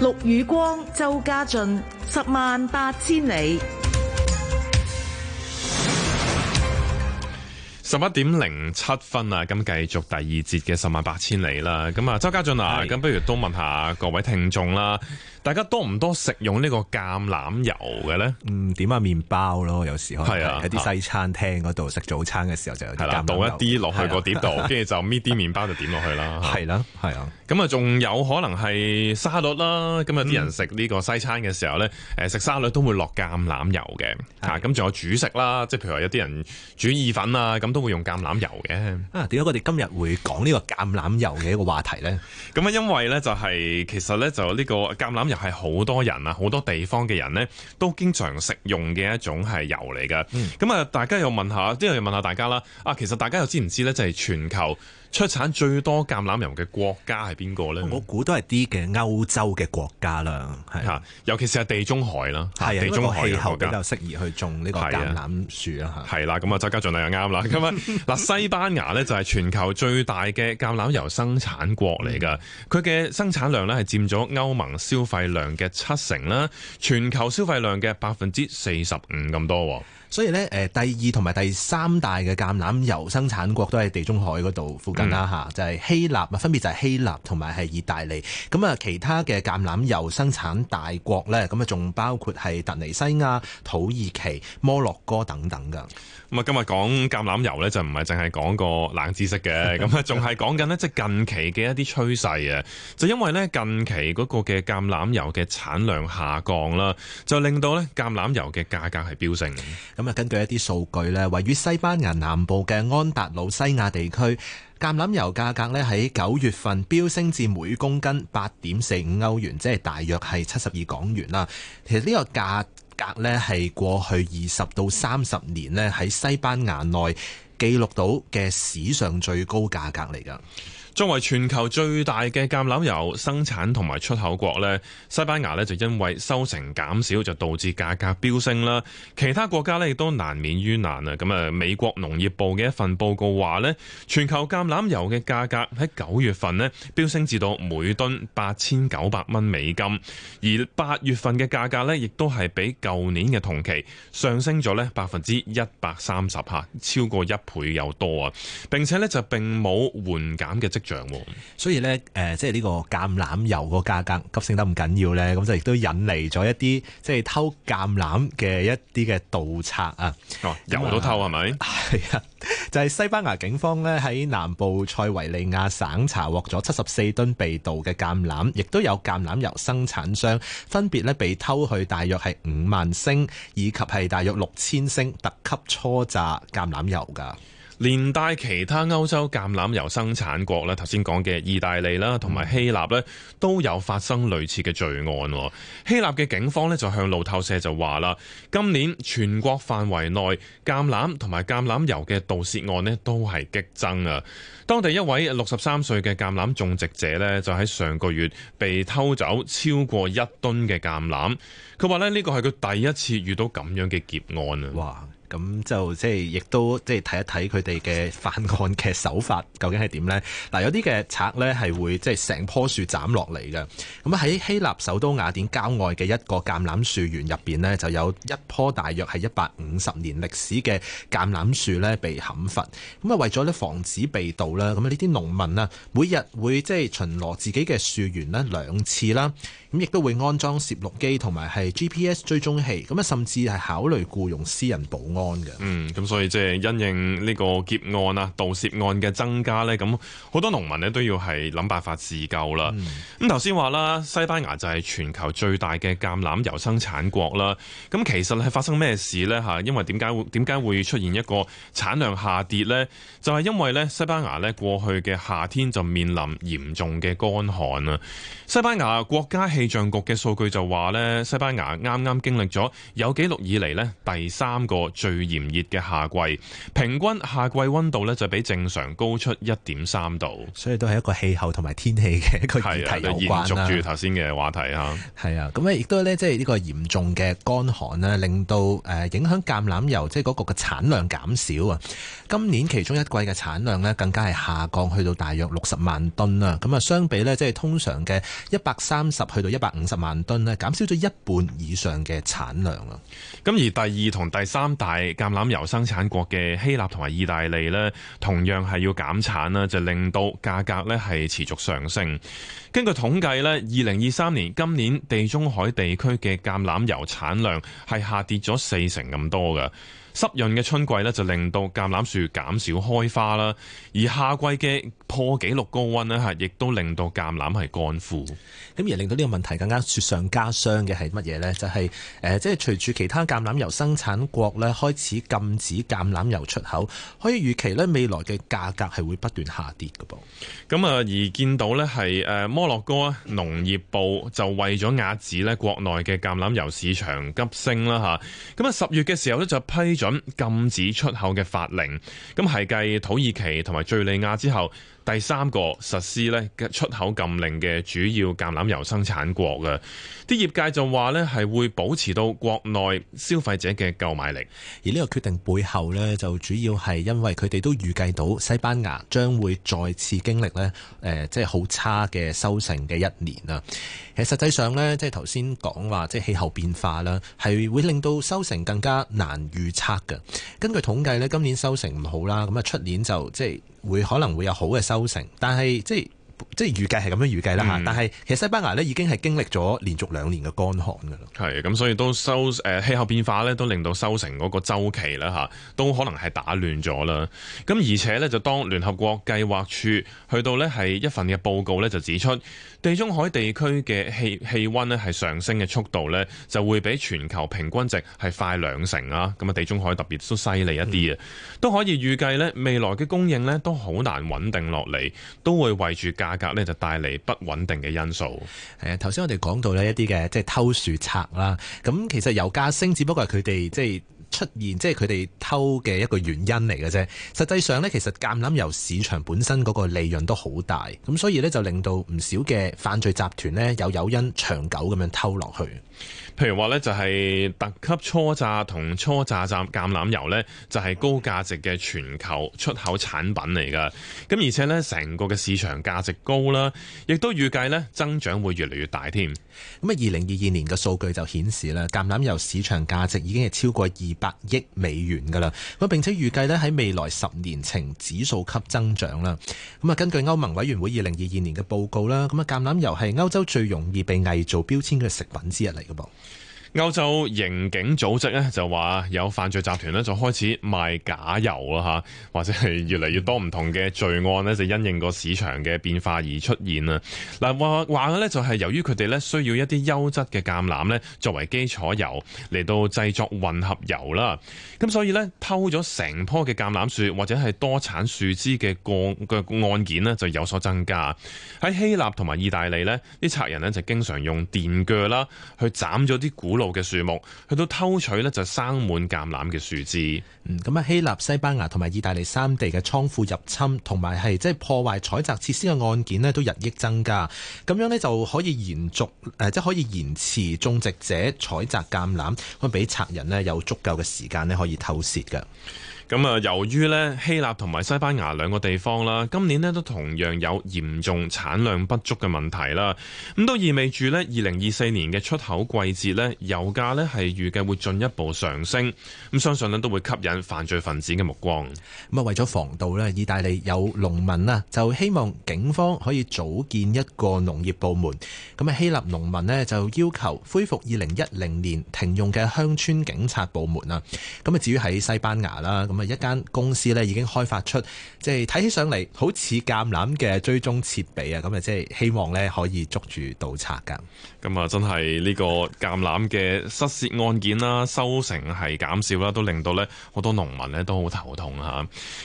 陸雨光、周家俊，十萬八千里。十一點零七分啊！咁繼續第二節嘅十萬八千里啦。咁啊，周家俊啊，咁的不如都問下各位聽眾啦，大家多唔多食用呢個橄欖油嘅咧？嗯，點啊麵包咯，有時喺啲西餐廳嗰度食早餐嘅時候就有啲橄欖油，倒一啲落去個碟度，跟住是的 就搣啲麵包就點落去啦。係啦，係啊。咁啊，仲有可能係沙律啦。咁有啲人食呢個西餐嘅時候咧，食、嗯、沙律都會落橄欖油嘅嚇。咁仲的有主食啦，即係譬如話有啲人煮意粉啊，咁。都會用橄欖油嘅啊？點解我哋今日會講呢個橄欖油嘅一個話題呢？咁啊，因為呢、就係，就係其實呢，就呢個橄欖油係好多人啊、好多地方嘅人呢都經常食用嘅一種係油嚟噶。咁啊、嗯，大家又問一下，即係又問一下大家啦。啊，其實大家又知唔知呢，就係全球。出產最多橄欖油嘅國家係邊個咧？我估都係啲嘅歐洲嘅國家啦，吓，尤其是係地中海啦，係、啊、的地中海氣候比較適宜去種呢個橄欖樹啊，係啦的，咁啊的，周家俊你又啱啦，咁啊，嗱， 西班牙咧，就係全球最大嘅橄欖油生產國嚟噶，佢嘅生產量咧，係佔咗歐盟消費量嘅七成啦，全球消費量嘅百分之四十五咁多。所以咧，誒第二同埋第三大嘅橄欖油生產國都喺地中海嗰度附近啦，嚇、嗯、就係希臘，啊分別就係希臘同埋係意大利。咁啊，其他嘅橄欖油生產大國咧，咁啊仲包括係突尼西亞、土耳其、摩洛哥等等嘅。咁啊，今日講橄欖油咧，就唔係淨係講個冷知識嘅，咁啊仲係講緊呢，即係近期嘅一啲趨勢啊。就因為咧近期嗰個嘅橄欖油嘅產量下降啦，就令到咧橄欖油嘅價格係飆升。咁啊，根據一啲數據咧，位於西班牙南部嘅安達魯西亞地區，橄欖油價格呢喺九月份飆升至每公斤八點四五歐元，即係大約係七十二港元啦。其實呢個價格呢係過去二十到三十年呢喺西班牙內記錄到嘅史上最高價格嚟㗎。作為全球最大嘅橄欖油生產同埋出口國呢，西班牙呢就因為收成減少，就導致價格飆升啦。其他國家呢亦都難免於難啊！咁啊，美國農業部嘅一份報告話呢，全球橄欖油嘅價格喺九月份呢飆升至到每噸八千九百蚊美金，而八月份嘅價格呢亦都係比舊年嘅同期上升咗呢百分之一百三十吓，超過一倍有多啊！並且呢就並冇緩減嘅跡。所以咧、呃，即係呢個橄欖油個價格急升得咁緊要咧，咁就亦都引嚟咗一啲即係偷橄欖嘅一啲嘅盜賊、哦、啊！油都偷係咪？係啊，就係、是、西班牙警方咧喺南部塞維利亞省查獲咗七十四噸被盜嘅橄欖，亦都有橄欖油生產商分別咧被偷去大約係五萬升，以及係大約六千升特級初榨橄欖油㗎。連帶其他歐洲橄欖油生產國咧，頭先講嘅意大利啦，同埋希臘咧，都有發生類似嘅罪案。希臘嘅警方咧就向路透社就話啦，今年全國範圍內橄欖同埋橄欖油嘅盜竊案咧都係激增啊！當地一位六十三歲嘅橄欖種植者呢，就喺上個月被偷走超過一噸嘅橄欖。佢話呢，呢個係佢第一次遇到咁樣嘅劫案啊！哇咁就即係亦都即係睇一睇佢哋嘅犯案嘅手法究竟係點咧？嗱，有啲嘅賊咧係會即係成棵樹斬落嚟嘅。咁啊喺希臘首都雅典郊外嘅一個橄欖樹園入邊咧，就有一棵大約係一百五十年歷史嘅橄欖樹咧被砍伐。咁啊為咗咧防止被盜啦，咁啊呢啲農民啊每日會即係巡邏自己嘅樹園呢兩次啦。咁亦都會安裝攝錄機同埋係 GPS 追蹤器。咁啊甚至係考慮僱用私人保。嗯，咁所以即係因應呢個劫案啊盜竊案嘅增加咧，咁好多農民咧都要係諗辦法自救啦。咁頭先話啦，西班牙就係全球最大嘅橄欖油生產國啦。咁其實係發生咩事咧？吓，因為點解會點解會出現一個產量下跌咧？就係因為咧，西班牙咧過去嘅夏天就面臨嚴重嘅乾旱啊。西班牙國家氣象局嘅數據就話咧，西班牙啱啱經歷咗有記錄以嚟咧第三個。最炎熱嘅夏季，平均夏季溫度呢就比正常高出一點三度，所以都係一個氣候同埋天氣嘅一個議題有關啦。延續住頭先嘅話題啊，係啊，咁咧亦都呢，即係呢個嚴重嘅乾旱啦，令到誒影響橄欖油即係嗰個嘅產量減少啊。今年其中一季嘅產量呢，更加係下降去到大約六十萬噸啦。咁啊，相比呢，即係通常嘅一百三十去到一百五十萬噸呢，減少咗一半以上嘅產量啦。咁而第二同第三大。係橄欖油生產國嘅希臘同埋意大利咧，同樣係要減產啦，就令到價格咧係持續上升。根據統計咧，二零二三年今年地中海地區嘅橄欖油產量係下跌咗四成咁多嘅。濕潤嘅春季咧，就令到橄欖樹減少開花啦；而夏季嘅破紀錄高溫呢，嚇亦都令到橄欖係乾枯。咁而令到呢個問題更加雪上加霜嘅係乜嘢呢？就係、是、誒，即、呃、係、就是、隨住其他橄欖油生產國咧開始禁止橄欖油出口，可以預期咧未來嘅價格係會不斷下跌㗎噃。咁啊，而見到呢係誒摩洛哥啊，農業部就為咗壓止咧國內嘅橄欖油市場急升啦吓，咁啊，十月嘅時候咧就批咗。咁禁止出口嘅法令，咁係繼土耳其同埋敘利亞之後。第三個實施嘅出口禁令嘅主要橄欖油生產國嘅，啲業界就話呢係會保持到國內消費者嘅購買力。而呢個決定背後呢，就主要係因為佢哋都預計到西班牙將會再次經歷呢，即係好差嘅收成嘅一年啊。其實實際上呢，即係頭先講話即係氣候變化啦，係會令到收成更加難預測嘅。根據統計呢，今年收成唔好啦，咁啊出年就即係。會可能會有好嘅收成，但係即。即係預計係咁樣預計啦、嗯、但係其實西班牙咧已經係經歷咗連續兩年嘅乾旱㗎啦。係咁，所以都收誒、呃、氣候變化呢，都令到收成嗰個週期啦嚇，都可能係打亂咗啦。咁而且呢，就當聯合國計劃處去到呢，係一份嘅報告呢，就指出地中海地區嘅氣氣温咧係上升嘅速度呢，就會比全球平均值係快兩成啊。咁啊，地中海特別都犀利一啲啊，嗯、都可以預計呢，未來嘅供應呢，都好難穩定落嚟，都會圍住。價格咧就帶嚟不穩定嘅因素。誒，頭先我哋講到咧一啲嘅即係偷樹賊啦。咁其實油價升，只不過係佢哋即係，就是出現即係佢哋偷嘅一個原因嚟嘅啫。實際上呢，其實橄欖油市場本身嗰個利潤都好大，咁所以呢，就令到唔少嘅犯罪集團呢，有誘因長久咁樣偷落去。譬如話呢，就係特級初榨同初榨嘅橄欖油呢，就係高價值嘅全球出口產品嚟㗎。咁而且呢，成個嘅市場價值高啦，亦都預計呢，增長會越嚟越大添。咁啊，二零二二年嘅數據就顯示啦，橄欖油市場價值已經係超過二百。百億美元噶啦，咁並且預計咧喺未來十年呈指數級增長啦。咁啊，根據歐盟委員會二零二二年嘅報告啦，咁啊，橄欖油係歐洲最容易被偽造標籤嘅食品之一嚟嘅噃。歐洲刑警組織咧就話有犯罪集團呢，就開始賣假油啦吓，或者係越嚟越多唔同嘅罪案呢，就因應個市場嘅變化而出現啦，嗱，話話嘅咧就係由於佢哋呢，需要一啲優質嘅橄欖呢，作為基礎油嚟到製作混合油啦，咁所以呢，偷咗成棵嘅橄欖樹或者係多產樹枝嘅個案件呢，就有所增加。喺希臘同埋意大利呢，啲賊人呢，就經常用電鋸啦去斬咗啲古老嘅樹木，去到偷取呢，就生滿橄欖嘅樹枝。嗯，咁啊，希臘、西班牙同埋意大利三地嘅倉庫入侵同埋係即係破壞採摘設施嘅案件呢，都日益增加。咁樣呢，就可以延續，誒即係可以延遲種植者採摘橄欖，去俾賊人呢，有足夠嘅時間呢，可以偷竊嘅。咁啊，由於呢，希臘同埋西班牙兩個地方啦，今年呢都同樣有嚴重產量不足嘅問題啦，咁都意味住呢，二零二四年嘅出口季節呢，油價呢係預計會進一步上升，咁相信呢都會吸引犯罪分子嘅目光。咁啊，為咗防盜呢，意大利有農民啊，就希望警方可以組建一個農業部門。咁啊，希臘農民呢，就要求恢復二零一零年停用嘅鄉村警察部門啊。咁啊，至於喺西班牙啦。咁啊！一間公司咧，已經開發出，即係睇起上嚟好似橄欖嘅追蹤設備啊。咁啊，即係希望咧可以捉住盜賊㗎。咁啊，真係呢個橄欖嘅失竊案件啦，收成係減少啦，都令到咧好多農民咧都好頭痛嚇。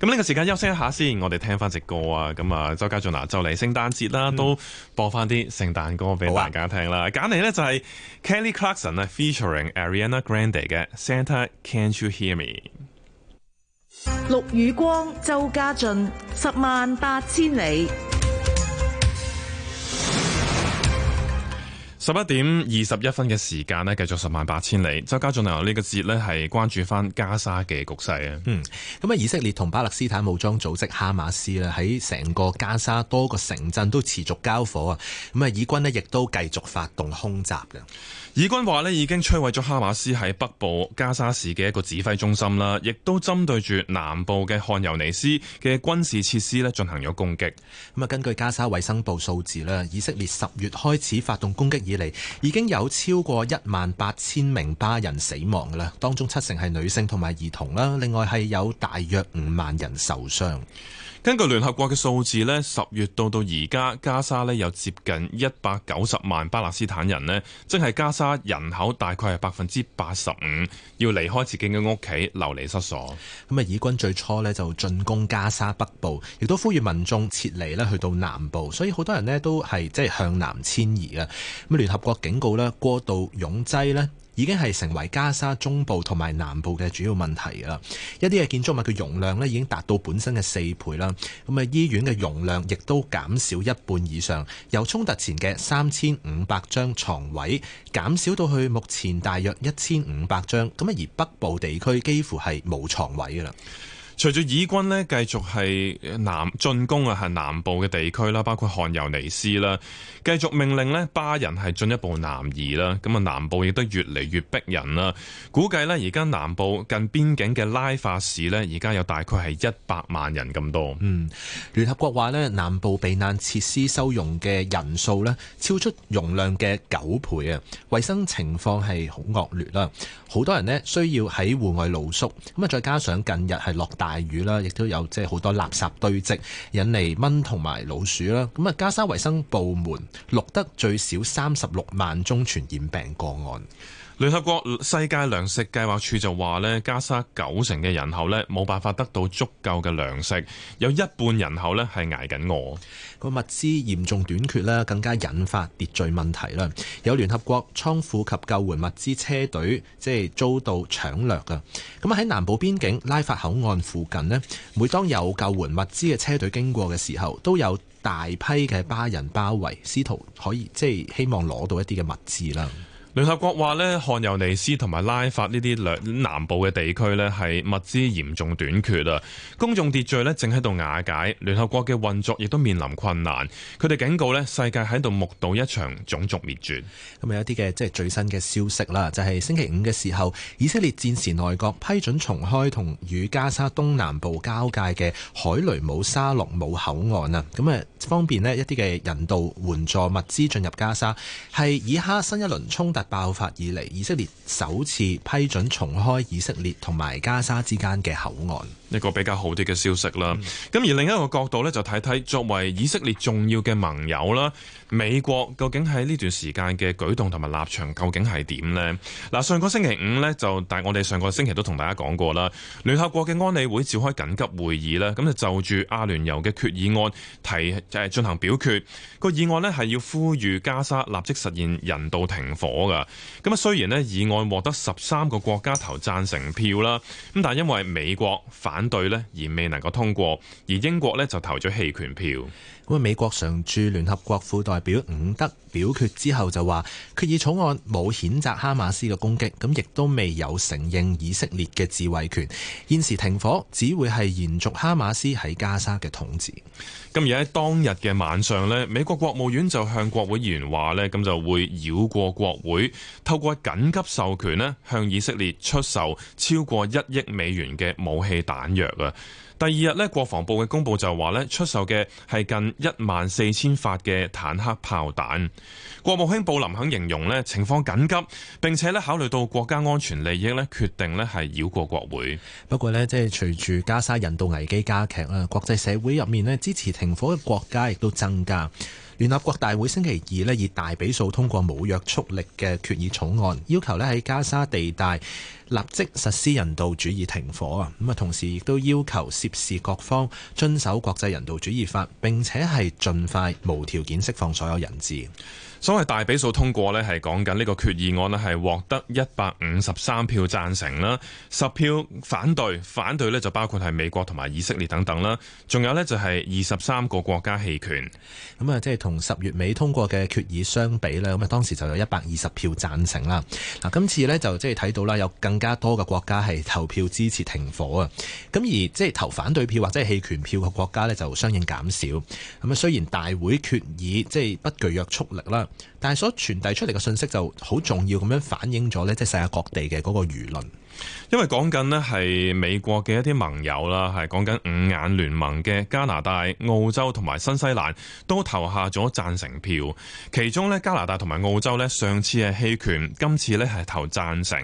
咁呢個時間休息一下先，我哋聽翻隻歌啊。咁啊，周家俊嗱，就嚟聖誕節啦，嗯、都播翻啲聖誕歌俾大家聽啦。揀嚟呢就係 Kelly Clarkson 啊，featuring Ariana Grande 嘅 Santa，Can't You Hear Me？陸宇光、周家俊，十萬八千里。十一點二十一分嘅時間咧，繼續十萬八千里。周家俊由呢個節呢，係關注翻加沙嘅局勢啊。嗯，咁啊，以色列同巴勒斯坦武裝組織哈馬斯咧，喺成個加沙多個城鎮都持續交火啊。咁啊，以軍呢亦都繼續發動空襲嘅。以軍話呢已經摧毀咗哈馬斯喺北部加沙市嘅一個指揮中心啦，亦都針對住南部嘅漢尤尼斯嘅軍事設施咧進行咗攻擊。咁啊，根據加沙衛生部數字咧，以色列十月開始發動攻擊以已經有超過一萬八千名巴人死亡啦，當中七成係女性同埋兒童啦，另外係有大約五萬人受傷。根據聯合國嘅數字咧，十月到到而家，加沙咧有接近一百九十萬巴勒斯坦人呢，即係加沙人口大概係百分之八十五，要離開自己嘅屋企流離失所。咁啊，以軍最初咧就進攻加沙北部，亦都呼籲民眾撤離咧去到南部，所以好多人呢都係即係向南遷移啊。咁聯合國警告呢，過度擁擠呢。已經係成為加沙中部同埋南部嘅主要問題㗎喇。一啲嘅建築物嘅容量呢已經達到本身嘅四倍啦，咁啊醫院嘅容量亦都減少一半以上，由衝突前嘅三千五百張床位減少到去目前大約一千五百張，咁啊而北部地區幾乎係冇床位噶啦。隨住以軍呢繼續係南進攻啊，係南部嘅地區啦，包括漢尤尼斯啦，繼續命令呢巴人係進一步南移啦。咁啊，南部亦都越嚟越逼人啦。估計呢，而家南部近邊境嘅拉法市呢，而家有大概係一百萬人咁多。嗯，聯合國話呢，南部避難設施收容嘅人數呢，超出容量嘅九倍啊！衞生情況係好惡劣啦，好多人呢，需要喺戶外露宿。咁啊，再加上近日係落大大雨啦，亦都有即係好多垃圾堆積，引嚟蚊同埋老鼠啦。咁啊，加沙衞生部門錄得最少三十六萬宗傳染病個案。聯合國世界糧食計劃處就話呢，加沙九成嘅人口呢，冇辦法得到足夠嘅糧食，有一半人口呢係挨緊餓。個物資嚴重短缺啦，更加引發秩序問題啦。有聯合國倉庫及救援物資車隊即係遭到搶掠噶。咁喺南部邊境拉法口岸附近呢，每當有救援物資嘅車隊經過嘅時候，都有大批嘅巴人包圍，試圖可以即係希望攞到一啲嘅物資啦。聯合國話呢漢尤尼斯同埋拉法呢啲南部嘅地區呢係物資嚴重短缺啊！公眾秩序呢正喺度瓦解，聯合國嘅運作亦都面臨困難。佢哋警告呢，世界喺度目睹一場種族滅絕。咁有一啲嘅即係最新嘅消息啦，就係、是、星期五嘅時候，以色列戰時內閣批准重開同與加沙東南部交界嘅海雷姆沙洛姆口岸啊！咁啊，方便呢一啲嘅人道援助物資進入加沙，係以哈新一輪衝突。爆發以嚟，以色列首次批准重開以色列同埋加沙之間嘅口岸，一個比較好啲嘅消息啦。咁、嗯、而另一個角度咧，就睇睇作為以色列重要嘅盟友啦。美國究竟喺呢段時間嘅舉動同埋立場究竟係點呢？嗱，上個星期五呢，就，但係我哋上個星期都同大家講過啦，聯合國嘅安理會召開緊急會議啦，咁就就住阿聯酋嘅決議案提誒進行表決。個議案呢，係要呼籲加沙立即實現人道停火嘅。咁啊，雖然呢，議案獲得十三個國家投贊成票啦，咁但係因為美國反對呢，而未能夠通過，而英國呢，就投咗棄權票。咁美國常駐聯合國副代表伍德表決之後就話，決議草案冇譴責哈馬斯嘅攻擊，咁亦都未有承認以色列嘅自衛權。現時停火只會係延續哈馬斯喺加沙嘅統治。今日喺當日嘅晚上咧，美國國務院就向國會議員話咧，咁就會繞過國會，透過緊急授權咧，向以色列出售超過一億美元嘅武器彈藥啊！第二日呢國防部嘅公佈就話呢出售嘅係近一萬四千發嘅坦克炮彈。國務卿布林肯形容呢情況緊急，並且呢考慮到國家安全利益呢決定呢係繞過國會。不過呢，即係隨住加沙人道危機加劇啦，國際社會入面呢支持停火嘅國家亦都增加。聯合國大會星期二呢以大比數通過冇約束力嘅決議草案，要求呢喺加沙地帶，立即實施人道主義停火啊！咁啊，同時亦都要求涉事各方遵守國際人道主義法，並且係盡快無條件釋放所有人質。所謂大比數通過呢，係講緊呢個決議案咧，係獲得一百五十三票贊成啦，十票反對，反對呢就包括係美國同埋以色列等等啦，仲有呢，就係二十三個國家棄權。咁啊，即係同十月尾通過嘅決議相比呢，咁啊當時就有一百二十票贊成啦。嗱，今次呢就即係睇到啦，有更更加多嘅國家係投票支持停火啊，咁而即係投反對票或者係棄權票嘅國家呢，就相應減少咁啊。雖然大會決議即係不具約束力啦，但係所傳遞出嚟嘅信息就好重要，咁樣反映咗呢，即係世界各地嘅嗰個輿論。因為講緊呢係美國嘅一啲盟友啦，係講緊五眼聯盟嘅加拿大、澳洲同埋新西蘭都投下咗贊成票，其中呢，加拿大同埋澳洲呢，上次係棄權，今次呢係投贊成。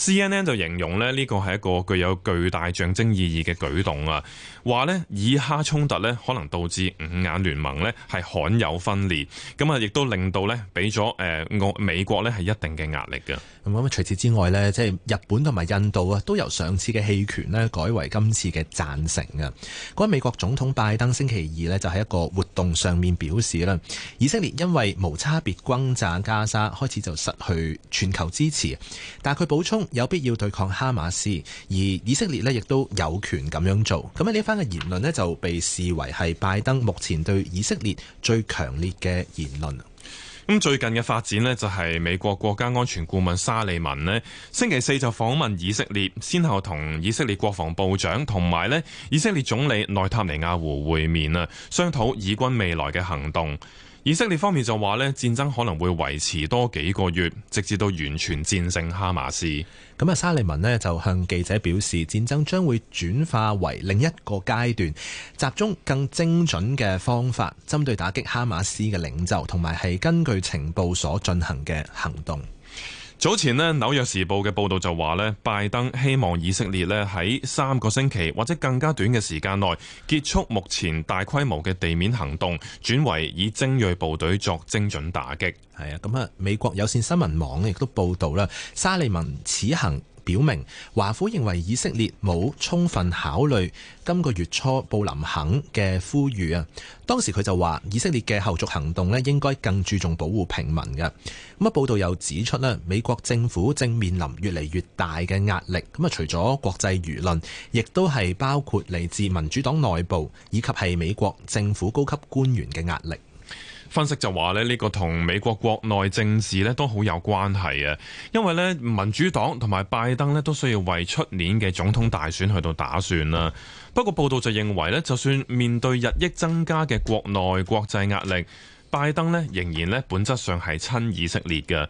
CNN 就形容咧呢個係一個具有巨大象徵意義嘅舉動啊！話呢，以哈衝突呢，可能導致五眼聯盟呢係罕有分裂，咁啊亦都令到呢俾咗誒美國呢係一定嘅壓力嘅。咁咁啊除此之外呢，即係日本同埋印度啊，都由上次嘅棄權呢，改為今次嘅贊成啊！嗰個美國總統拜登星期二呢，就喺一個活動上面表示啦，以色列因為無差別轟炸加沙，開始就失去全球支持，但係佢補充有必要對抗哈馬斯，而以色列呢，亦都有權咁樣做。咁喺呢嘅言論呢就被視為係拜登目前對以色列最強烈嘅言論。咁最近嘅發展呢就係美國國家安全顧問沙利文呢星期四就訪問以色列，先後同以色列國防部長同埋呢以色列總理內塔尼亞胡會面啊，商討以軍未來嘅行動。以色列方面就話咧，戰爭可能會維持多幾個月，直至到完全戰勝哈馬斯。咁啊，沙利文呢就向記者表示，戰爭將會轉化為另一個階段，集中更精準嘅方法，針對打擊哈馬斯嘅領袖，同埋係根據情報所進行嘅行動。早前呢《紐約時報》嘅報道就話呢，拜登希望以色列呢喺三個星期或者更加短嘅時間內結束目前大規模嘅地面行動，轉為以精鋭部隊作精準打擊。係啊，咁啊，美國有線新聞網亦都報道啦，沙利文此行表明華府認為以色列冇充分考慮今個月初布林肯嘅呼籲啊。當時佢就話以色列嘅後續行動咧，應該更注重保護平民嘅。咁啊，報道又指出咧，美國政府正面臨越嚟越大嘅壓力。咁啊，除咗國際輿論，亦都係包括嚟自民主黨內部以及係美國政府高級官員嘅壓力。分析就話咧，呢個同美國國內政治呢都好有關係啊，因為呢民主黨同埋拜登呢都需要為出年嘅總統大選去到打算啦。不過報道就認為呢，就算面對日益增加嘅國內國際壓力，拜登呢仍然呢本質上係親以色列嘅。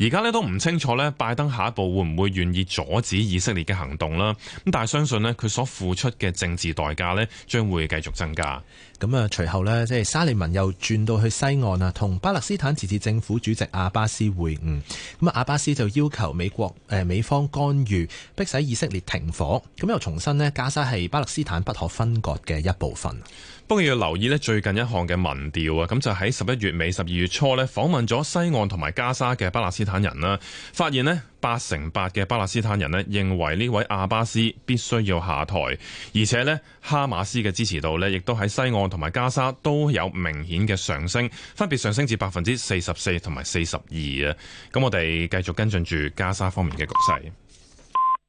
而家咧都唔清楚咧，拜登下一步會唔會願意阻止以色列嘅行動啦？咁但係相信咧，佢所付出嘅政治代價咧，將會繼續增加。咁啊，隨後咧，即係沙利文又轉到去西岸啊，同巴勒斯坦自治政府主席阿巴斯會晤。咁啊，阿巴斯就要求美國、呃、美方干預，迫使以色列停火。咁又重申咧，加沙係巴勒斯坦不可分割嘅一部分。不過要留意咧，最近一項嘅民調啊，咁就喺十一月尾、十二月初咧，訪問咗西岸同埋加沙嘅巴勒斯坦。人啦，發現八成八嘅巴勒斯坦人呢，認為呢位阿巴斯必須要下台，而且呢，哈馬斯嘅支持度呢亦都喺西岸同埋加沙都有明顯嘅上升，分別上升至百分之四十四同埋四十二啊。咁我哋繼續跟進住加沙方面嘅局勢。